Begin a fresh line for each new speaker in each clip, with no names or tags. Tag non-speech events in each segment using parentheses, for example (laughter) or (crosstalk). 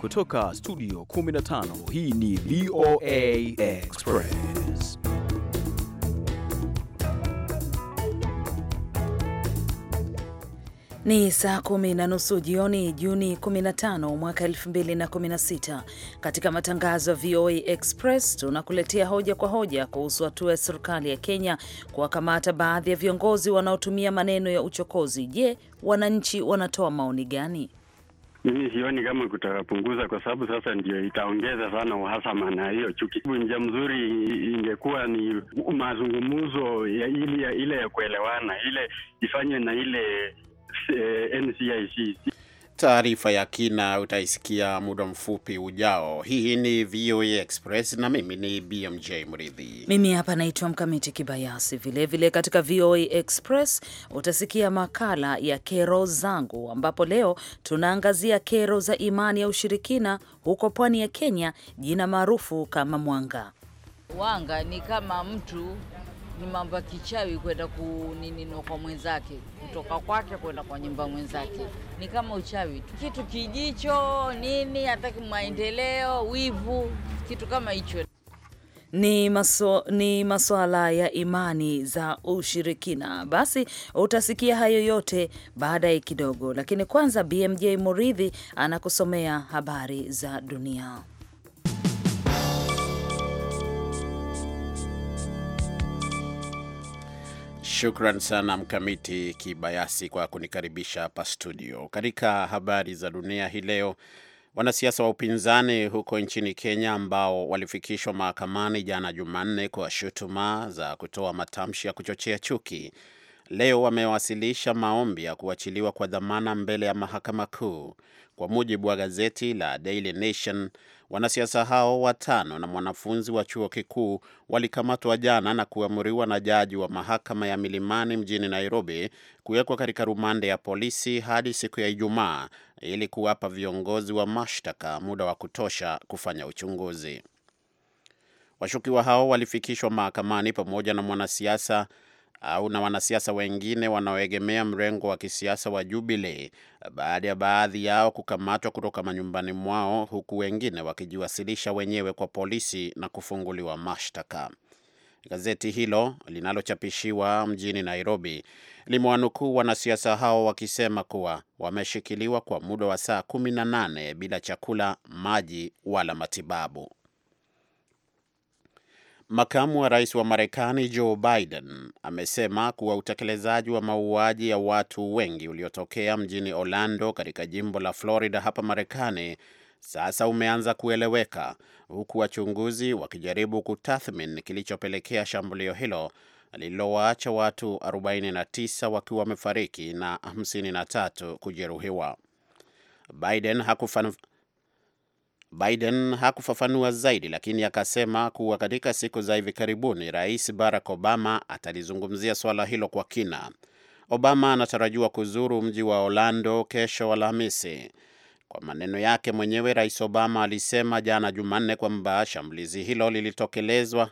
Kutoka studio 15 hii ni VOA Express.
Ni saa kumi na nusu jioni, Juni 15 mwaka 2016. Katika matangazo ya VOA Express tunakuletea hoja kwa hoja kuhusu hatua ya serikali ya Kenya kuwakamata baadhi ya viongozi wanaotumia maneno ya uchokozi. Je, wananchi wanatoa maoni gani?
Mimi sioni kama kutapunguza, kwa sababu sasa ndio itaongeza sana uhasama na hiyo chuki. Njia mzuri ingekuwa ni mazungumzo ya ile ya, kuelewana ile ifanywe na ile eh, NCIC.
Taarifa ya kina utaisikia muda mfupi ujao. Hii ni VOA Express na mimi ni BMJ Mridhi.
Mimi hapa naitwa Mkamiti Kibayasi. Vilevile vile katika VOA Express utasikia makala ya kero zangu, ambapo leo tunaangazia kero za imani ya ushirikina huko pwani ya Kenya, jina maarufu kama mwanga.
Wanga ni kama mtu ni mambo ya kichawi kwenda kuninino kwa mwenzake, kutoka kwake kwenda kwa nyumba mwenzake, ni kama uchawi tu, kitu kijicho nini, hataki maendeleo, wivu, kitu kama hicho.
Ni, maso, ni masuala ya imani za ushirikina. Basi utasikia hayo yote baadaye kidogo, lakini kwanza BMJ Muridhi anakusomea habari za dunia.
Shukran sana Mkamiti Kibayasi kwa kunikaribisha hapa studio. Katika habari za dunia hii leo, wanasiasa wa upinzani huko nchini Kenya ambao walifikishwa mahakamani jana Jumanne kwa shutuma za kutoa matamshi ya kuchochea chuki, leo wamewasilisha maombi ya kuachiliwa kwa dhamana mbele ya mahakama kuu. Kwa mujibu wa gazeti la Daily Nation, Wanasiasa hao watano na mwanafunzi wa chuo kikuu walikamatwa jana na kuamuriwa na jaji wa mahakama ya Milimani mjini Nairobi kuwekwa katika rumande ya polisi hadi siku ya Ijumaa ili kuwapa viongozi wa mashtaka muda wa kutosha kufanya uchunguzi. Washukiwa hao walifikishwa mahakamani pamoja na mwanasiasa au na wanasiasa wengine wanaoegemea mrengo wa kisiasa wa Jubilee baada ya baadhi yao kukamatwa kutoka manyumbani mwao huku wengine wakijiwasilisha wenyewe kwa polisi na kufunguliwa mashtaka. Gazeti hilo linalochapishiwa mjini Nairobi limewanukuu wanasiasa hao wakisema kuwa wameshikiliwa kwa muda wa saa 18 bila chakula, maji wala matibabu. Makamu wa rais wa Marekani Joe Biden amesema kuwa utekelezaji wa mauaji ya watu wengi uliotokea mjini Orlando katika jimbo la Florida hapa Marekani sasa umeanza kueleweka, huku wachunguzi wakijaribu kutathmini kilichopelekea shambulio hilo lililowaacha watu 49 wakiwa wamefariki na 53 kujeruhiwa. Biden Biden hakufafanua zaidi, lakini akasema kuwa katika siku za hivi karibuni Rais Barack Obama atalizungumzia swala hilo kwa kina. Obama anatarajiwa kuzuru mji wa Orlando kesho Alhamisi. Kwa maneno yake mwenyewe, Rais Obama alisema jana Jumanne kwamba shambulizi hilo lilitokelezwa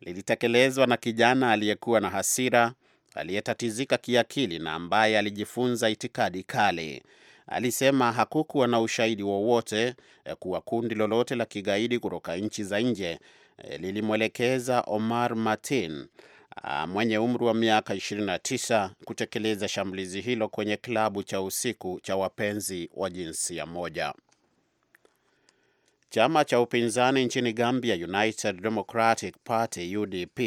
lilitekelezwa na kijana aliyekuwa na hasira, aliyetatizika kiakili na ambaye alijifunza itikadi kali alisema hakukuwa na ushahidi wowote eh, kuwa kundi lolote la kigaidi kutoka nchi za nje eh, lilimwelekeza Omar Martin ah, mwenye umri wa miaka 29 kutekeleza shambulizi hilo kwenye klabu cha usiku cha wapenzi wa jinsia moja. Chama cha upinzani nchini Gambia, United Democratic Party, UDP,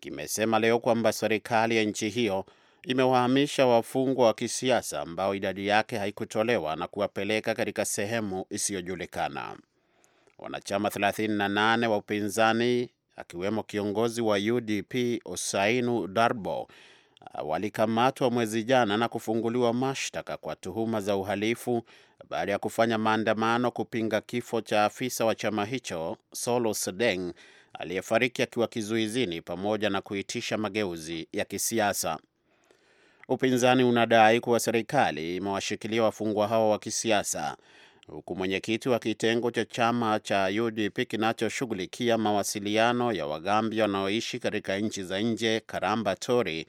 kimesema leo kwamba serikali ya nchi hiyo imewahamisha wafungwa wa kisiasa ambao idadi yake haikutolewa na kuwapeleka katika sehemu isiyojulikana. Wanachama 38 wa upinzani akiwemo kiongozi wa UDP Osainu Darbo walikamatwa mwezi jana na kufunguliwa mashtaka kwa tuhuma za uhalifu baada ya kufanya maandamano kupinga kifo cha afisa wa chama hicho Solo Sedeng aliyefariki akiwa kizuizini pamoja na kuitisha mageuzi ya kisiasa upinzani unadai kuwa serikali imewashikilia wafungwa hao wa kisiasa, huku mwenyekiti wa kitengo cha chama cha UDP kinachoshughulikia mawasiliano ya Wagambia wanaoishi katika nchi za nje Karamba Tori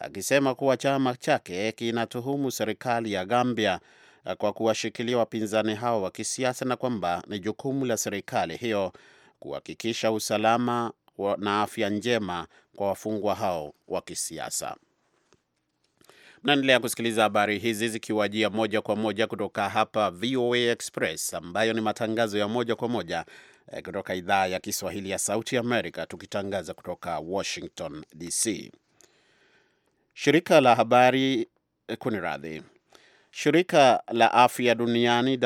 akisema kuwa chama chake kinatuhumu serikali ya Gambia kwa kuwashikilia wapinzani hao wa kisiasa na kwamba ni jukumu la serikali hiyo kuhakikisha usalama na afya njema kwa wafungwa hao wa kisiasa. Mnaendelea kusikiliza habari hizi zikiwajia moja kwa moja kutoka hapa VOA Express, ambayo ni matangazo ya moja kwa moja eh, kutoka idhaa ya Kiswahili ya Sauti Amerika, tukitangaza kutoka Washington DC. Shirika la habari eh, kuniradhi Shirika la afya duniani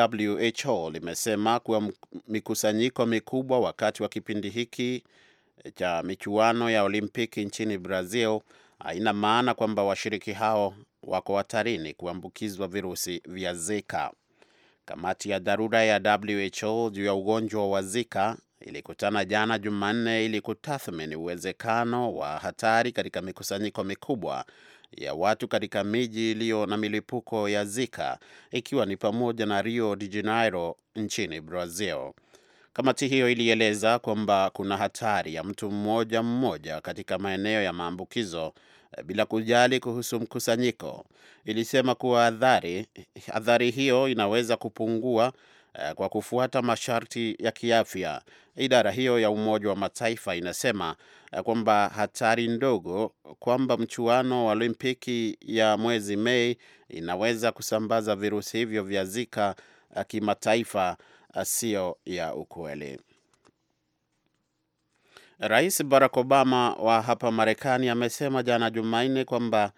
WHO limesema kuwa mikusanyiko mikubwa wakati wa kipindi hiki eh, cha michuano ya Olimpiki nchini Brazil haina maana kwamba washiriki hao wako hatarini kuambukizwa virusi vya Zika. Kamati ya dharura ya WHO juu ya ugonjwa wa Zika ilikutana jana Jumanne ili kutathmini uwezekano wa hatari katika mikusanyiko mikubwa ya watu katika miji iliyo na milipuko ya Zika ikiwa ni pamoja na Rio de Janeiro nchini Brazil. Kamati hiyo ilieleza kwamba kuna hatari ya mtu mmoja mmoja katika maeneo ya maambukizo eh, bila kujali kuhusu mkusanyiko. Ilisema kuwa adhari, adhari hiyo inaweza kupungua eh, kwa kufuata masharti ya kiafya. Idara hiyo ya Umoja wa Mataifa inasema eh, kwamba hatari ndogo kwamba mchuano wa Olimpiki ya mwezi Mei inaweza kusambaza virusi hivyo vya Zika kimataifa siyo ya ukweli. Rais Barack Obama wa hapa Marekani amesema jana Jumanne kwamba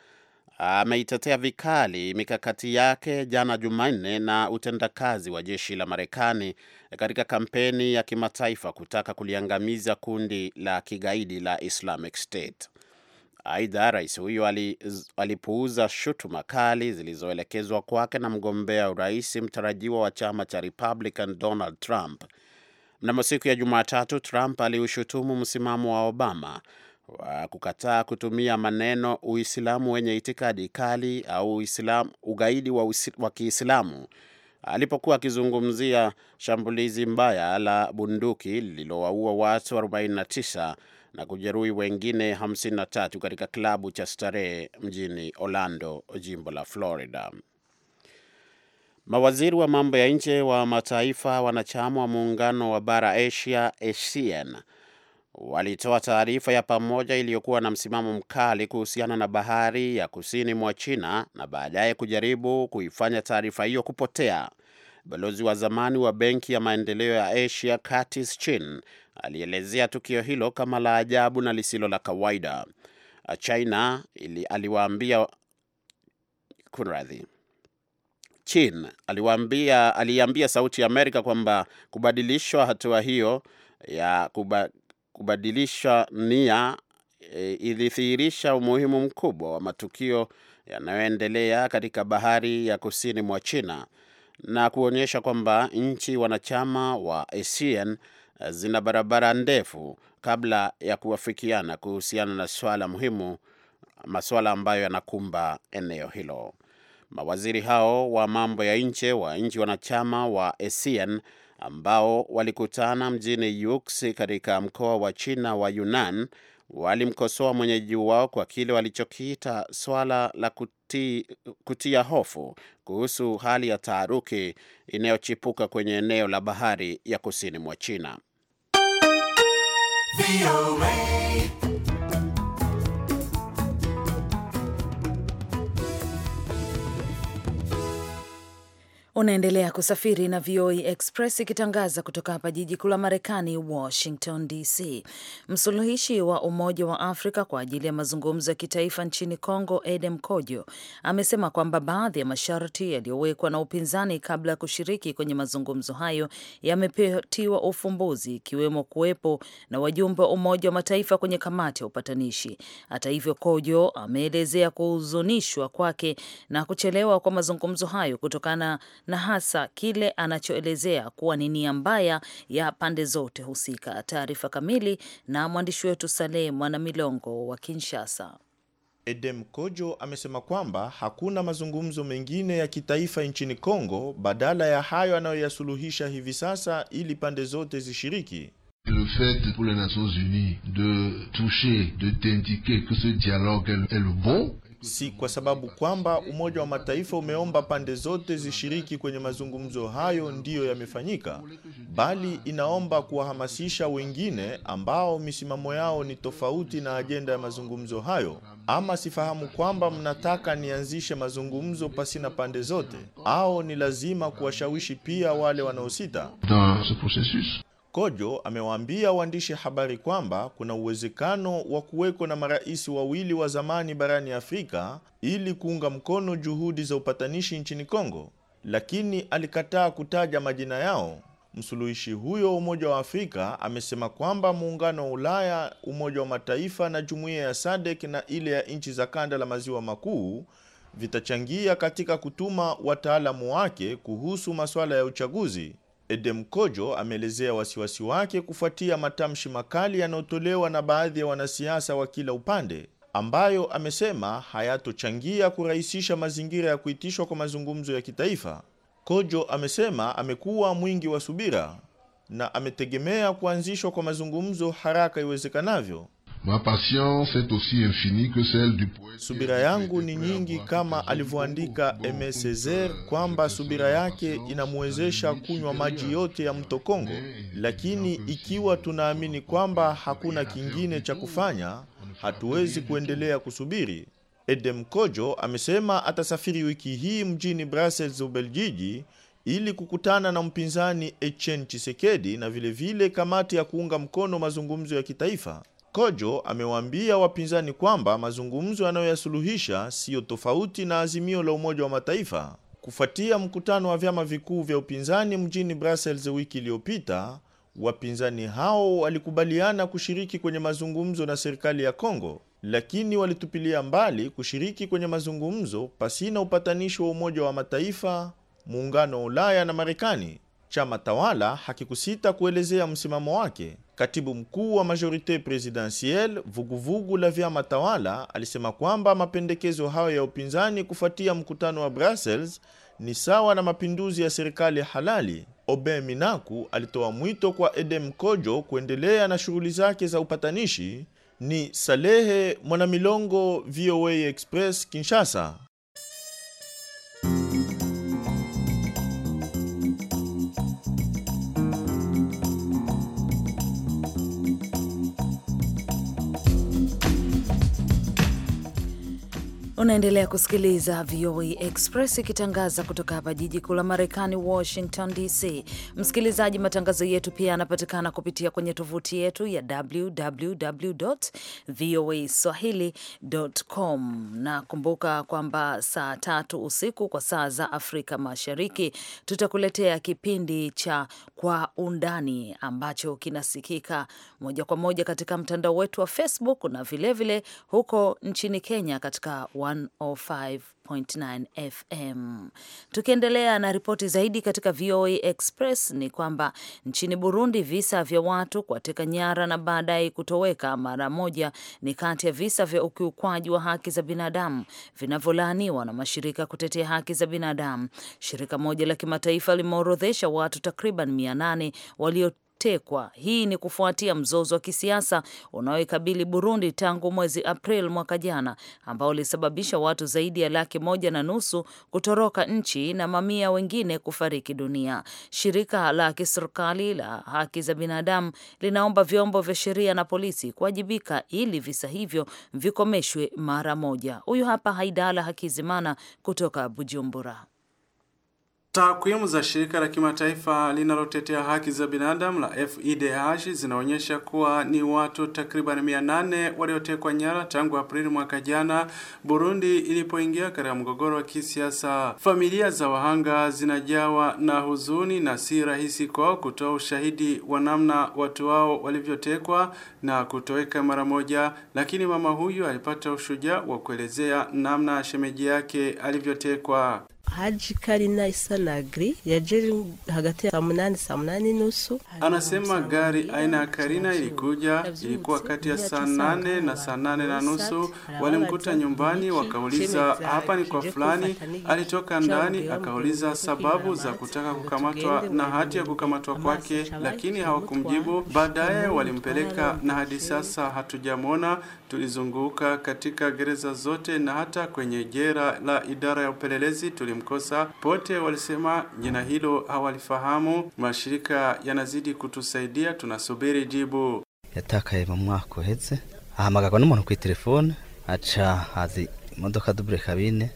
ameitetea vikali mikakati yake jana Jumanne na utendakazi wa jeshi la Marekani katika kampeni ya kimataifa kutaka kuliangamiza kundi la kigaidi la Islamic State. Aidha, rais huyo alipuuza shutuma kali zilizoelekezwa kwake na mgombea urais mtarajiwa wa chama cha Republican Donald Trump. Mnamo siku ya Jumatatu, Trump aliushutumu msimamo wa Obama wa kukataa kutumia maneno Uislamu wenye itikadi kali au Uislamu, ugaidi wa, wa Kiislamu alipokuwa akizungumzia shambulizi mbaya la bunduki lililowaua watu 49 na kujeruhi wengine 53 katika klabu cha starehe mjini Orlando, jimbo la Florida. Mawaziri wa mambo ya nje wa mataifa wanachama wa muungano wa bara Asia ASEAN walitoa taarifa ya pamoja iliyokuwa na msimamo mkali kuhusiana na bahari ya kusini mwa China na baadaye kujaribu kuifanya taarifa hiyo kupotea balozi wa zamani wa Benki ya Maendeleo ya Asia Curtis Chin alielezea tukio hilo kama la ajabu na lisilo la kawaida. China ili, aliwaambia kunradhi Chin aliwaambia, aliambia Sauti ya Amerika kwamba kubadilishwa hatua hiyo ya kuba, kubadilisha nia e, ilithihirisha umuhimu mkubwa wa matukio yanayoendelea katika bahari ya kusini mwa China na kuonyesha kwamba nchi wanachama wa ASEAN eh, zina barabara ndefu kabla ya kuwafikiana kuhusiana na swala muhimu, masuala ambayo yanakumba eneo hilo. Mawaziri hao wa mambo ya nje wa nchi wanachama wa ASEAN ambao walikutana mjini Yuksi katika mkoa wa China wa Yunnan walimkosoa mwenyeji wao kwa kile walichokiita swala la kuti, kutia hofu kuhusu hali ya taharuki inayochipuka kwenye eneo la bahari ya kusini mwa China.
Unaendelea kusafiri na VOA e Express ikitangaza kutoka hapa jiji kuu la Marekani, Washington DC. Msuluhishi wa Umoja wa Afrika kwa ajili ya mazungumzo ya kitaifa nchini Congo, Edem Kojo, amesema kwamba baadhi ya masharti yaliyowekwa na upinzani kabla ya kushiriki kwenye mazungumzo hayo yamepatiwa ufumbuzi, ikiwemo kuwepo na wajumbe wa Umoja wa Mataifa kwenye kamati ya upatanishi. Hata hivyo, Kojo ameelezea kuhuzunishwa kwake na kuchelewa kwa mazungumzo hayo kutokana na hasa kile anachoelezea kuwa ni nia mbaya ya pande zote husika. Taarifa kamili na mwandishi wetu Saleh Mwanamilongo wa Kinshasa.
Edem Kojo amesema kwamba hakuna mazungumzo mengine ya kitaifa nchini Kongo badala ya hayo anayoyasuluhisha hivi sasa ili pande zote zishiriki.
Le fait pour les Nations Unies de toucher, de t'indiquer que ce dialogue est le bon
si kwa sababu kwamba Umoja wa Mataifa umeomba pande zote zishiriki kwenye mazungumzo hayo ndiyo yamefanyika, bali inaomba kuwahamasisha wengine ambao misimamo yao ni tofauti na ajenda ya mazungumzo hayo. Ama sifahamu kwamba mnataka nianzishe mazungumzo pasi na pande zote, au ni lazima kuwashawishi pia wale wanaosita. Kojo amewaambia waandishi habari kwamba kuna uwezekano wa kuweko na marais wawili wa zamani barani Afrika ili kuunga mkono juhudi za upatanishi nchini Kongo, lakini alikataa kutaja majina yao. Msuluhishi huyo wa Umoja wa Afrika amesema kwamba muungano wa Ulaya, Umoja wa Mataifa na jumuiya ya SADC na ile ya nchi za kanda la maziwa makuu vitachangia katika kutuma wataalamu wake kuhusu masuala ya uchaguzi. Edem Kojo ameelezea wasiwasi wake kufuatia matamshi makali yanayotolewa na baadhi ya wanasiasa wa kila upande ambayo amesema hayatochangia kurahisisha mazingira ya kuitishwa kwa mazungumzo ya kitaifa. Kojo amesema amekuwa mwingi wa subira na ametegemea kuanzishwa kwa mazungumzo haraka iwezekanavyo.
Ma patience est aussi infinie que celle du
poète. Subira yangu ni nyingi kama alivyoandika Aimé Césaire euh, kwamba subira yake inamwezesha kunywa maji yote ya mto Kongo, lakini ikiwa tunaamini kwamba hakuna kingine cha kufanya, hatuwezi kuendelea kusubiri. Edem Kojo amesema atasafiri wiki hii mjini Brussels, Ubelgiji ili kukutana na mpinzani Etienne Tshisekedi na vilevile vile kamati ya kuunga mkono mazungumzo ya kitaifa. Kojo amewaambia wapinzani kwamba mazungumzo yanayoyasuluhisha siyo tofauti na azimio la Umoja wa Mataifa. Kufuatia mkutano wa vyama vikuu vya upinzani mjini Brussels wiki iliyopita, wapinzani hao walikubaliana kushiriki kwenye mazungumzo na serikali ya Kongo, lakini walitupilia mbali kushiriki kwenye mazungumzo pasina upatanishi wa Umoja wa Mataifa, Muungano wa Ulaya na Marekani. Chama tawala hakikusita kuelezea msimamo wake. Katibu mkuu wa Majorite Presidentielle, vuguvugu la vyama tawala, alisema kwamba mapendekezo hayo ya upinzani kufuatia mkutano wa Brussels ni sawa na mapinduzi ya serikali halali. Obe Minaku alitoa mwito kwa Edem Kojo kuendelea na shughuli zake za upatanishi. Ni Salehe Mwanamilongo, VOA Express, Kinshasa.
Unaendelea kusikiliza VOA e Express ikitangaza kutoka hapa jiji kuu la Marekani, Washington DC. Msikilizaji, matangazo yetu pia yanapatikana kupitia kwenye tovuti yetu ya www voa e swahili.com, na kumbuka kwamba saa tatu usiku kwa saa za Afrika Mashariki tutakuletea kipindi cha Kwa Undani ambacho kinasikika moja kwa moja katika mtandao wetu wa Facebook na vilevile vile huko nchini Kenya katika 105.9 FM. Tukiendelea na ripoti zaidi katika VOA Express ni kwamba nchini Burundi visa vya watu kuwateka nyara na baadaye kutoweka mara moja ni kati ya visa vya ukiukwaji wa haki za binadamu vinavyolaaniwa na mashirika kutetea haki za binadamu. Shirika moja la kimataifa limeorodhesha watu takriban 800 walio kutekwa. Hii ni kufuatia mzozo wa kisiasa unaoikabili Burundi tangu mwezi April mwaka jana, ambao ulisababisha watu zaidi ya laki moja na nusu kutoroka nchi na mamia wengine kufariki dunia. Shirika la kiserikali la haki za binadamu linaomba vyombo vya sheria na polisi kuwajibika ili visa hivyo vikomeshwe mara moja. Huyu hapa Haidala Hakizimana kutoka Bujumbura.
Takwimu za shirika la kimataifa linalotetea haki za binadamu la FIDH zinaonyesha kuwa ni watu takriban 800 waliotekwa nyara tangu Aprili mwaka jana Burundi ilipoingia katika mgogoro wa kisiasa. Familia za wahanga zinajawa na huzuni na si rahisi kwao kutoa ushahidi wa namna watu wao walivyotekwa na kutoweka mara moja, lakini mama huyu alipata ushujaa wa kuelezea namna shemeji yake alivyotekwa.
Haji Karina
isanagri hagati ya saa saa munane nusu.
Anasema gari aina ya Karina ilikuja, ilikuwa kati ya saa nane na saa nane na nusu. Walimkuta nyumbani, wakauliza hapa ni kwa fulani. Alitoka ndani akauliza sababu za kutaka kukamatwa na hati ya kukamatwa kwake, lakini hawakumjibu. Baadaye walimpeleka na hadi sasa hatujamwona. Tulizunguka katika gereza zote na hata kwenye jera la idara ya upelelezi tulim mkosa, pote walisema jina hilo hawalifahamu. Mashirika yanazidi kutusaidia, tunasubiri jibu.
yatakaye mu mwaka uheze ahamagarwa n'umuntu kuri telefone aca azi imodoka dubure kabine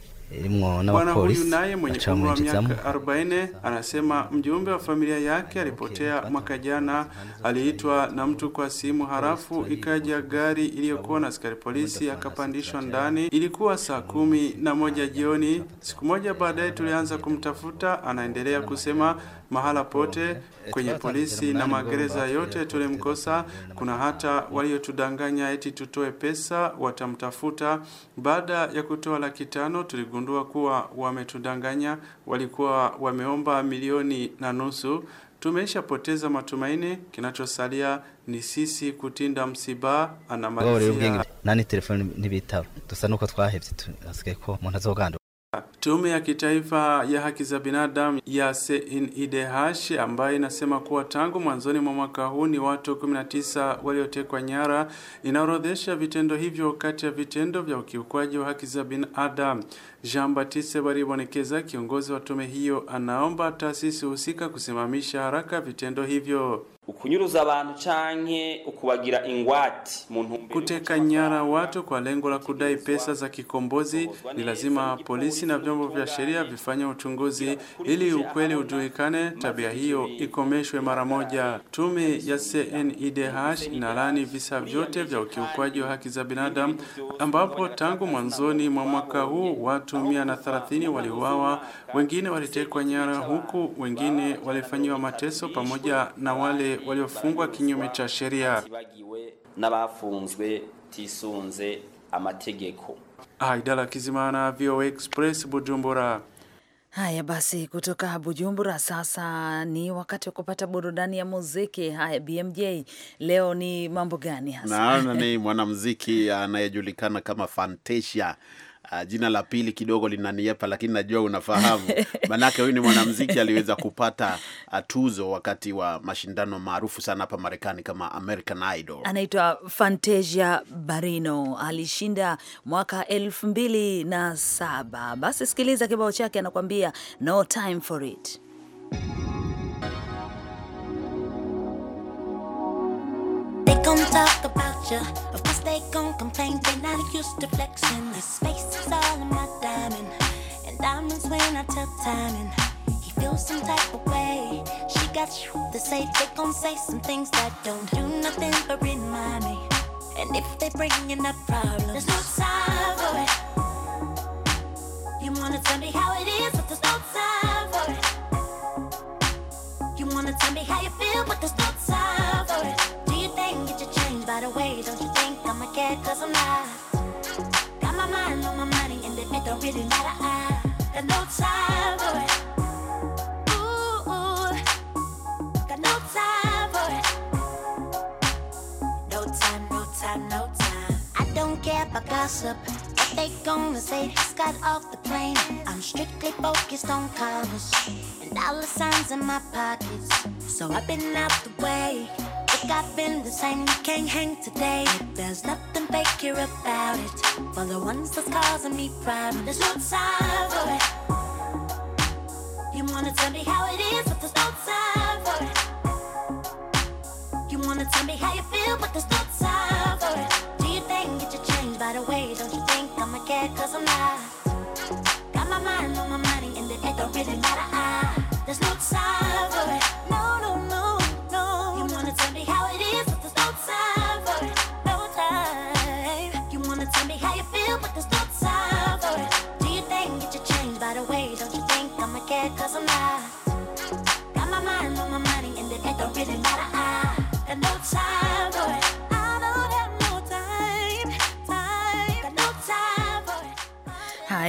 bwana huyu naye mwenye umri wa miaka
40 anasema mjumbe wa familia yake alipotea mwaka jana. Aliitwa na mtu kwa simu, harafu ikaja gari iliyokuwa na askari polisi, akapandishwa ndani. Ilikuwa saa kumi na moja jioni. Siku moja baadaye tulianza kumtafuta, anaendelea kusema mahala pote, eh, eh, kwenye polisi na magereza yote eh, tulimkosa. Kuna hata waliotudanganya eti tutoe pesa watamtafuta. Baada ya kutoa laki tano tuligundua kuwa wametudanganya, walikuwa wameomba milioni na nusu. Tumeshapoteza matumaini, kinachosalia ni sisi kutinda msiba. anamalizia
nani telefoni n'ibitaro dusa nuko twahevye hasigaye ko umuntu azoganda
Tume ya Kitaifa ya Haki za Binadamu ya CNIDH ambayo inasema kuwa tangu mwanzoni mwa mwaka huu ni watu 19 waliotekwa nyara, inaorodhesha vitendo hivyo kati ya vitendo vya ukiukwaji wa haki za binadamu. Jean Baptiste Baribonekeza, kiongozi wa tume hiyo, anaomba taasisi husika kusimamisha haraka vitendo hivyo. ukunyuruza abantu
canke ukubagira ingwati muntu
kuteka nyara watu kwa lengo la kudai pesa za kikombozi, ni lazima polisi na vyombo vya sheria vifanye uchunguzi ili ukweli ujulikane, tabia hiyo ikomeshwe mara moja. Tume ya CNIDH inalani visa vyote vya ukiukwaji wa haki za binadamu, ambapo tangu mwanzoni mwa mwaka huu watu watu 130 waliuawa, wengine walitekwa nyara, huku wengine walifanyiwa mateso pamoja na wale waliofungwa kinyume cha sheria
n'abafunzwe tisunze amategeko.
Aidala ah, Kizimana, VOA Express, Bujumbura.
Haya basi, kutoka Bujumbura sasa ni wakati wa kupata burudani ya muziki. Haya, BMJ, leo ni mambo gani hasa? Naona (laughs) ni
mwanamuziki anayejulikana kama Fantasia Uh, jina la pili kidogo linaniepa, lakini najua unafahamu, (laughs) manake huyu ni mwanamuziki aliweza kupata ah, tuzo wakati wa mashindano maarufu sana hapa Marekani kama American Idol.
Anaitwa Fantasia Barrino, alishinda mwaka elfu mbili na saba. Basi sikiliza kibao chake, anakuambia no time for
it. gon' talk about ya. Of course they gon' complain, they not used to flexing. This space is all in my diamond, and diamonds when I tell timing. He feels some type of way. She got you to say they gon' say some things that don't do nothing but remind me. And if they bringing up problems, there's no time for it. You wanna tell me how it is, but there's no time for it. You wanna tell me how you feel, but there's no cause I'm not. Got my mind on my money, and it don't really matter. I got no time for it. Ooh, Got no time for it. No time, no time, no time. I don't care about gossip. What they gonna say? Just got off the plane. I'm strictly focused on covers. and dollar signs in my pockets. So I've been out the way like I've been the same. You can't hang today. There's nothing fake here about it. For the ones that's causing me problem, there's no time for it. You wanna tell me how it is, but there's no time for it. You wanna tell me how you feel, but there's no time for it. Do you think that you change by the way? Don't you think i am a to Cause I'm not.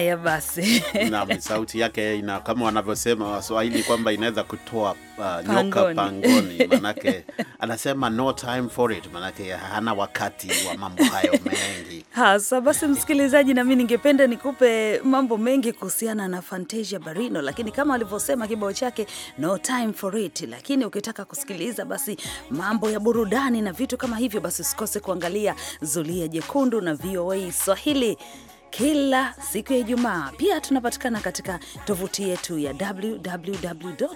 Haya basi, (laughs)
na sauti yake ina kama wanavyosema Waswahili kwamba inaweza kutoa uh, nyoka pangoni, (laughs) manake anasema no time for it, manake hana wakati wa mambo hayo mengi
(laughs) hasa. Basi msikilizaji, nami ningependa nikupe mambo mengi kuhusiana na Fantasia Barino, lakini kama alivyosema kibao chake no time for it. Lakini ukitaka kusikiliza basi mambo ya burudani na vitu kama hivyo, basi usikose kuangalia Zulia Jekundu na VOA Swahili kila siku ya Ijumaa. Pia tunapatikana katika tovuti yetu ya www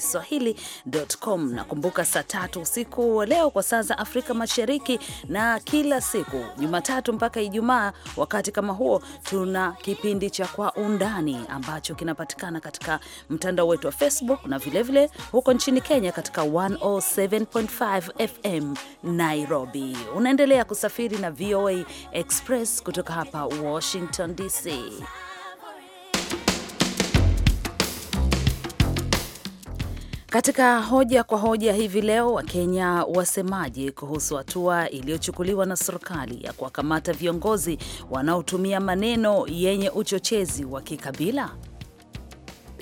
swahilicom na kumbuka, saa tatu usiku wa leo kwa saa za Afrika Mashariki, na kila siku Jumatatu mpaka Ijumaa wakati kama huo, tuna kipindi cha Kwa Undani ambacho kinapatikana katika mtandao wetu wa Facebook na vilevile vile, huko nchini Kenya katika 107.5 FM Nairobi. Unaendelea kusafiri na VOA Express kutoka hapa Washington DC. Katika hoja kwa hoja hivi leo, Wakenya wasemaje kuhusu hatua iliyochukuliwa na serikali ya kuwakamata viongozi wanaotumia maneno yenye uchochezi wa kikabila?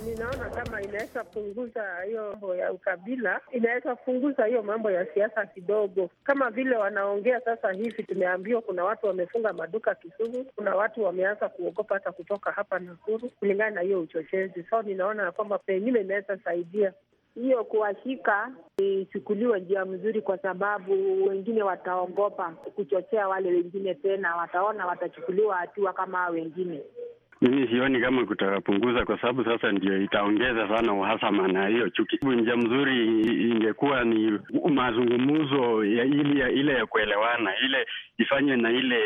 ninaona kama inaweza punguza hiyo ya ukabila, inaweza punguza hiyo mambo ya siasa kidogo, kama vile wanaongea sasa hivi. Tumeambiwa kuna watu wamefunga maduka Kisumu, kuna watu wameanza kuogopa hata kutoka hapa Nakuru kulingana na hiyo uchochezi. So ninaona ya kwamba pengine inaweza saidia hiyo kuwashika ichukuliwe njia mzuri, kwa sababu
wengine wataogopa kuchochea wale wengine tena, wataona watachukuliwa hatua
kama wengine.
Mimi sioni kama kutapunguza, kwa sababu sasa ndio itaongeza sana uhasama na hiyo chuki. Njia mzuri ingekuwa ni mazungumzo ya ile, ile ya kuelewana, ile ifanywe na ile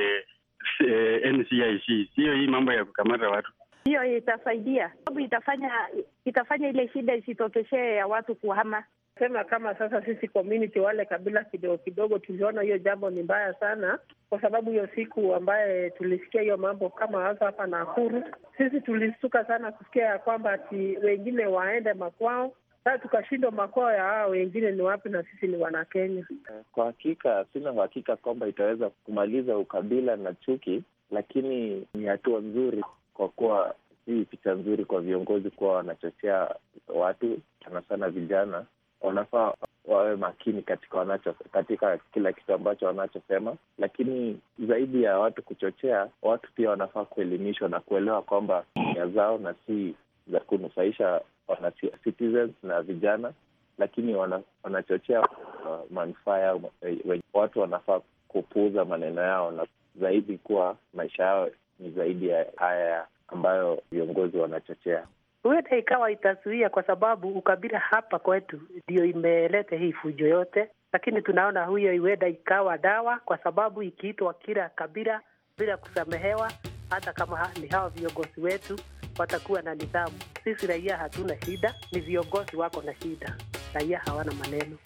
eh, NCIC, siyo hii mambo ya kukamata watu.
Hiyo itasaidia sababu itafanya itafanya ile shida isitokeshee ya watu kuhama.
Sema kama sasa sisi community wale kabila kidogo kidogo tuliona hiyo jambo ni mbaya sana, kwa sababu hiyo siku ambaye tulisikia hiyo mambo kama hasa hapa Nakuru, sisi tulistuka sana kusikia ya kwamba ati wengine waende makwao sasa tukashindwa makwao ya hao wengine ni wapi, na sisi ni Wanakenya. Eh, kwa hakika, sina uhakika kwamba itaweza kumaliza ukabila na chuki, lakini ni hatua nzuri kwa kuwa si picha nzuri kwa viongozi kuwa wanachochea watu sana sana vijana. Wanafaa wawe makini katika wanacho, katika kila kitu ambacho wanachosema, lakini zaidi ya watu kuchochea watu, pia wanafaa kuelimishwa na kuelewa kwamba ya zao na si za kunufaisha wana citizens na vijana, lakini wana, wanachochea uh, manufaa yao. Eh, watu wanafaa kupuuza maneno yao na zaidi kuwa maisha yao ni zaidi ya haya ambayo viongozi wanachochea. Huenda ikawa itazuia, kwa sababu ukabila hapa kwetu ndio imeleta hii fujo yote, lakini tunaona huyo iweda ikawa dawa, kwa sababu ikiitwa kila kabila
bila kusamehewa, hata kama ni hawa viongozi wetu watakuwa na nidhamu. Sisi raia hatuna shida, ni viongozi wako na shida. Raia hawana maneno.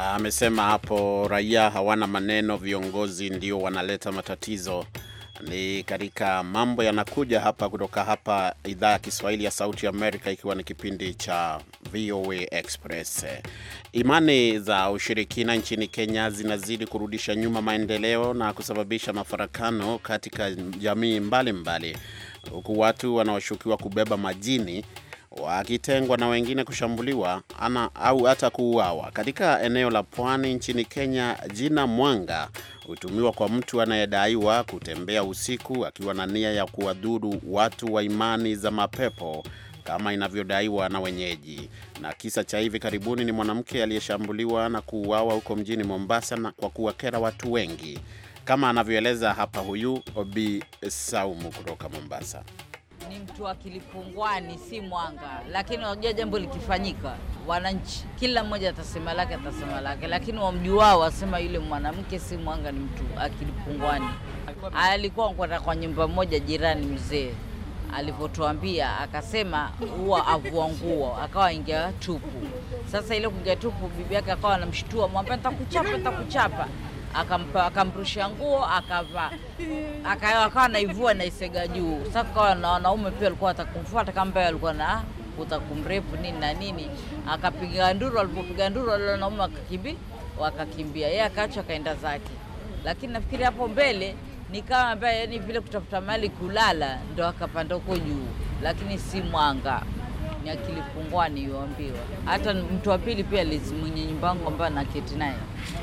Ah, amesema hapo, raia hawana maneno, viongozi ndio wanaleta matatizo. Ni katika mambo yanakuja hapa kutoka hapa idhaa ya Kiswahili ya Sauti ya Amerika, ikiwa ni kipindi cha VOA Express. Imani za ushirikina nchini Kenya zinazidi kurudisha nyuma maendeleo na kusababisha mafarakano katika jamii mbalimbali, huku watu wanaoshukiwa kubeba majini wakitengwa na wengine kushambuliwa ana, au hata kuuawa. Katika eneo la pwani nchini Kenya, jina mwanga hutumiwa kwa mtu anayedaiwa kutembea usiku akiwa na nia ya kuwadhuru watu wa imani za mapepo kama inavyodaiwa na wenyeji. Na kisa cha hivi karibuni ni mwanamke aliyeshambuliwa na kuuawa huko mjini Mombasa na kwa kuwakera watu wengi, kama anavyoeleza hapa huyu Obi Saumu kutoka Mombasa
ni mtu wa kilipungwani, si mwanga. Lakini unajua jambo likifanyika, wananchi kila mmoja atasema lake, atasema lake, lakini wamjuao wasema yule mwanamke si mwanga, ni mtu akilipungwani. Alikuwa kwenda kwa nyumba moja jirani, mzee alivyotuambia akasema huwa avua nguo, akawa ingia tupu. Sasa ile kuingia tupu, bibi yake akawa anamshtua, mwambia nitakuchapa, nitakuchapa akamrushia nguo akavaa, (laughs) akawa naivua naisega juu. Sasa na wanaume pia walikuwa watakumfuata kama alikuwa walikuwa na utakumrefu nini na nini, akapiga nduru. Alipopiga nduru wale wanaume wakakimbia, wakakimbia, yeye akaacha akaenda zake. Lakini nafikiri hapo mbele ni kama ambaye, yani vile kutafuta mali kulala, ndo akapanda huko juu, lakini si mwanga mwenye akili pungwani yuambiwa. Hata mtu wa pili pia mwenye nyumbangu ambaye naketi naye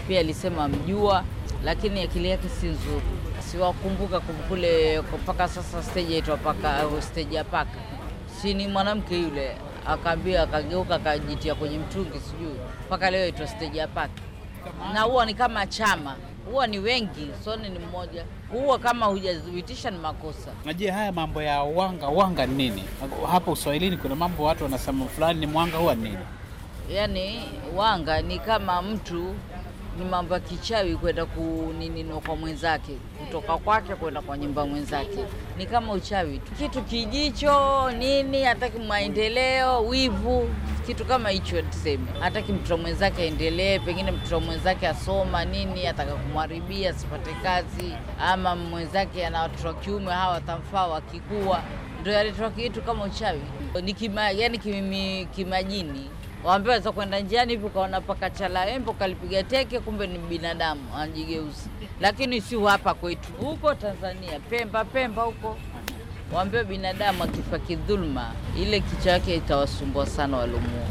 pia alisema mjua, lakini akili yake si nzuri. Siwakumbuka kule mpaka sasa steji aitwa paka, steji ya paka, si ni mwanamke yule akaambia, akageuka akajitia kwenye mtungi, sijui mpaka leo aitwa steji ya paka, na huwa ni kama chama huwa ni wengi, Soni ni mmoja. Huwa kama hujathibitisha ni makosa.
Najua haya mambo ya wanga wanga ni nini? Hapo Uswahilini kuna mambo watu wanasema fulani ni mwanga, huwa nini?
Yaani wanga ni kama mtu ni mambo ya kichawi kwenda kuninino kwa mwenzake, kutoka kwake kwenda kwa nyumba mwenzake, ni kama uchawi, kitu kijicho nini, hataki maendeleo, wivu kitu kama hicho tuseme, hataki mtoto mwenzake aendelee, pengine mtoto mwenzake asoma nini, ataka kumharibia asipate kazi, ama mwenzake ana watoto wa kiume, hawa watamfaa wakikua. Ndo yaletwa kitu kama uchawi ni kima, yani kimimi, kimajini waambia za kwenda njiani hivi ukaona paka chala embo kalipiga teke, kumbe ni binadamu anajigeuza. Lakini si hapa kwetu, huko Tanzania Pemba, Pemba huko Waambie binadamu akifa kidhulma, ile kichwa yake itawasumbua sana walomua,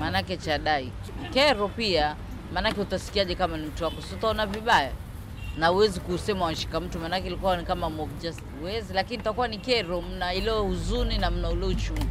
maanake chadai kero pia. Maanake utasikiaje kama ni mtu wako? Si utaona vibaya na uwezi kusema wanshika mtu, maanake ilikuwa ni kama mob just uwezi, lakini itakuwa ni kero, mna ile huzuni na mna ule uchungu.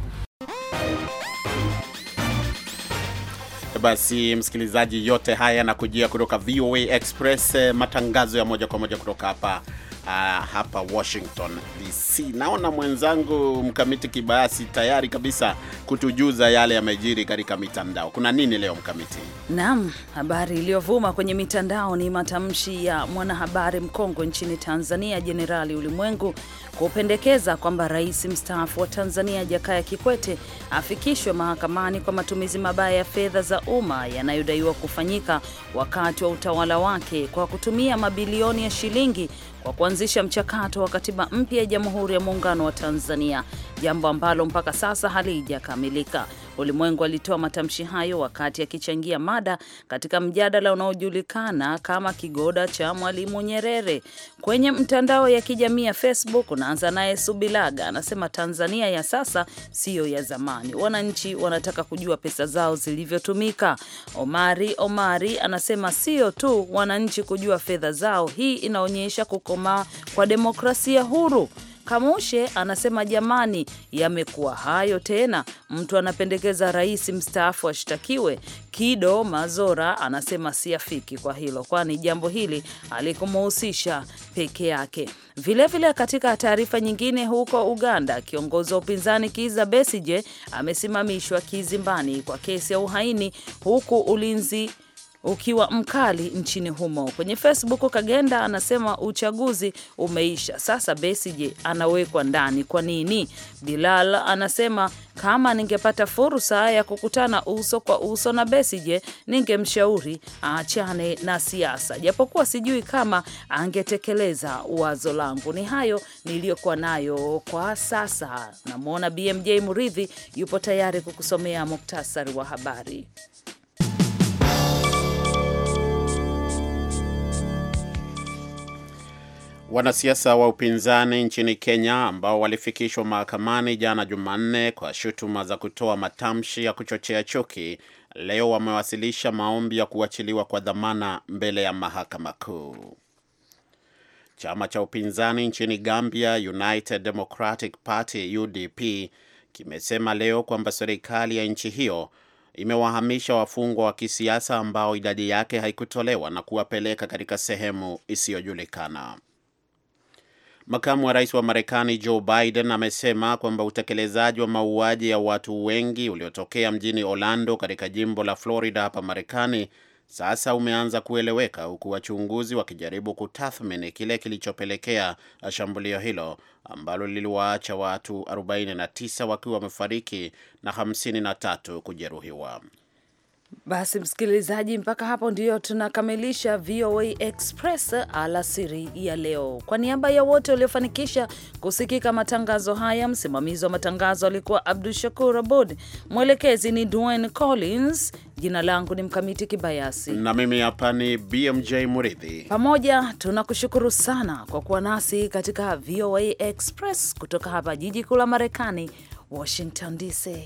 Basi msikilizaji, yote haya na kujia kutoka VOA Express, eh, matangazo ya moja kwa moja kutoka hapa uh, hapa Washington DC. Naona mwenzangu Mkamiti Kibayasi tayari kabisa kutujuza yale yamejiri katika mitandao. Kuna nini leo Mkamiti?
Naam, habari iliyovuma kwenye mitandao ni matamshi ya mwanahabari mkongwe nchini Tanzania Jenerali Ulimwengu kupendekeza kwamba rais mstaafu wa Tanzania Jakaya Kikwete afikishwe mahakamani kwa matumizi mabaya ya fedha za umma yanayodaiwa kufanyika wakati wa utawala wake kwa kutumia mabilioni ya shilingi kwa kuanzisha mchakato wa katiba mpya ya Jamhuri ya Muungano wa Tanzania jambo ambalo mpaka sasa halijakamilika. Ulimwengu alitoa matamshi hayo wakati akichangia mada katika mjadala unaojulikana kama kigoda cha Mwalimu Nyerere kwenye mtandao ya kijamii ya Facebook. Unaanza naye Subilaga anasema Tanzania ya sasa siyo ya zamani, wananchi wanataka kujua pesa zao zilivyotumika. Omari Omari anasema sio tu wananchi kujua fedha zao, hii inaonyesha kukomaa kwa demokrasia huru. Kamushe anasema jamani, yamekuwa hayo tena, mtu anapendekeza rais mstaafu ashtakiwe. Kido Mazora anasema siafiki kwa hilo, kwani jambo hili alikumuhusisha peke yake. Vilevile vile katika taarifa nyingine, huko Uganda kiongozi wa upinzani Kiza Besije amesimamishwa kizimbani kwa kesi ya uhaini, huku ulinzi ukiwa mkali nchini humo. Kwenye Facebook, Kagenda anasema uchaguzi umeisha sasa, besije anawekwa ndani kwa nini? Bilal anasema kama ningepata fursa ya kukutana uso kwa uso na besije ningemshauri aachane na siasa, japokuwa sijui kama angetekeleza wazo langu. Ni hayo niliyokuwa nayo kwa sasa. Namwona BMJ Muridhi yupo tayari kukusomea muktasari wa habari.
Wanasiasa wa upinzani nchini Kenya ambao walifikishwa mahakamani jana Jumanne kwa shutuma za kutoa matamshi ya kuchochea chuki, leo wamewasilisha maombi ya kuachiliwa kwa dhamana mbele ya mahakama kuu. Chama cha upinzani nchini Gambia, United Democratic Party UDP, kimesema leo kwamba serikali ya nchi hiyo imewahamisha wafungwa wa kisiasa ambao idadi yake haikutolewa na kuwapeleka katika sehemu isiyojulikana. Makamu wa rais wa Marekani Joe Biden amesema kwamba utekelezaji wa mauaji ya watu wengi uliotokea mjini Orlando katika jimbo la Florida hapa Marekani sasa umeanza kueleweka, huku wachunguzi wakijaribu kutathmini kile kilichopelekea shambulio hilo ambalo liliwaacha watu 49 wakiwa wamefariki na 53 kujeruhiwa.
Basi msikilizaji, mpaka hapo ndio tunakamilisha VOA Express alasiri ya leo. Kwa niaba ya wote waliofanikisha kusikika matangazo haya, msimamizi wa matangazo alikuwa Abdu Shakur Abud, mwelekezi ni Dwayne Collins, jina langu ni Mkamiti Kibayasi
na mimi hapa ni BMJ Muridhi.
Pamoja tunakushukuru sana kwa kuwa nasi katika VOA Express kutoka hapa jiji kuu la Marekani, Washington DC.